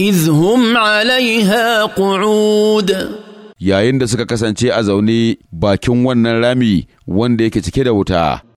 إذ هم عليها yayin da suka kasance a zaune bakin wannan rami wanda yake cike da wuta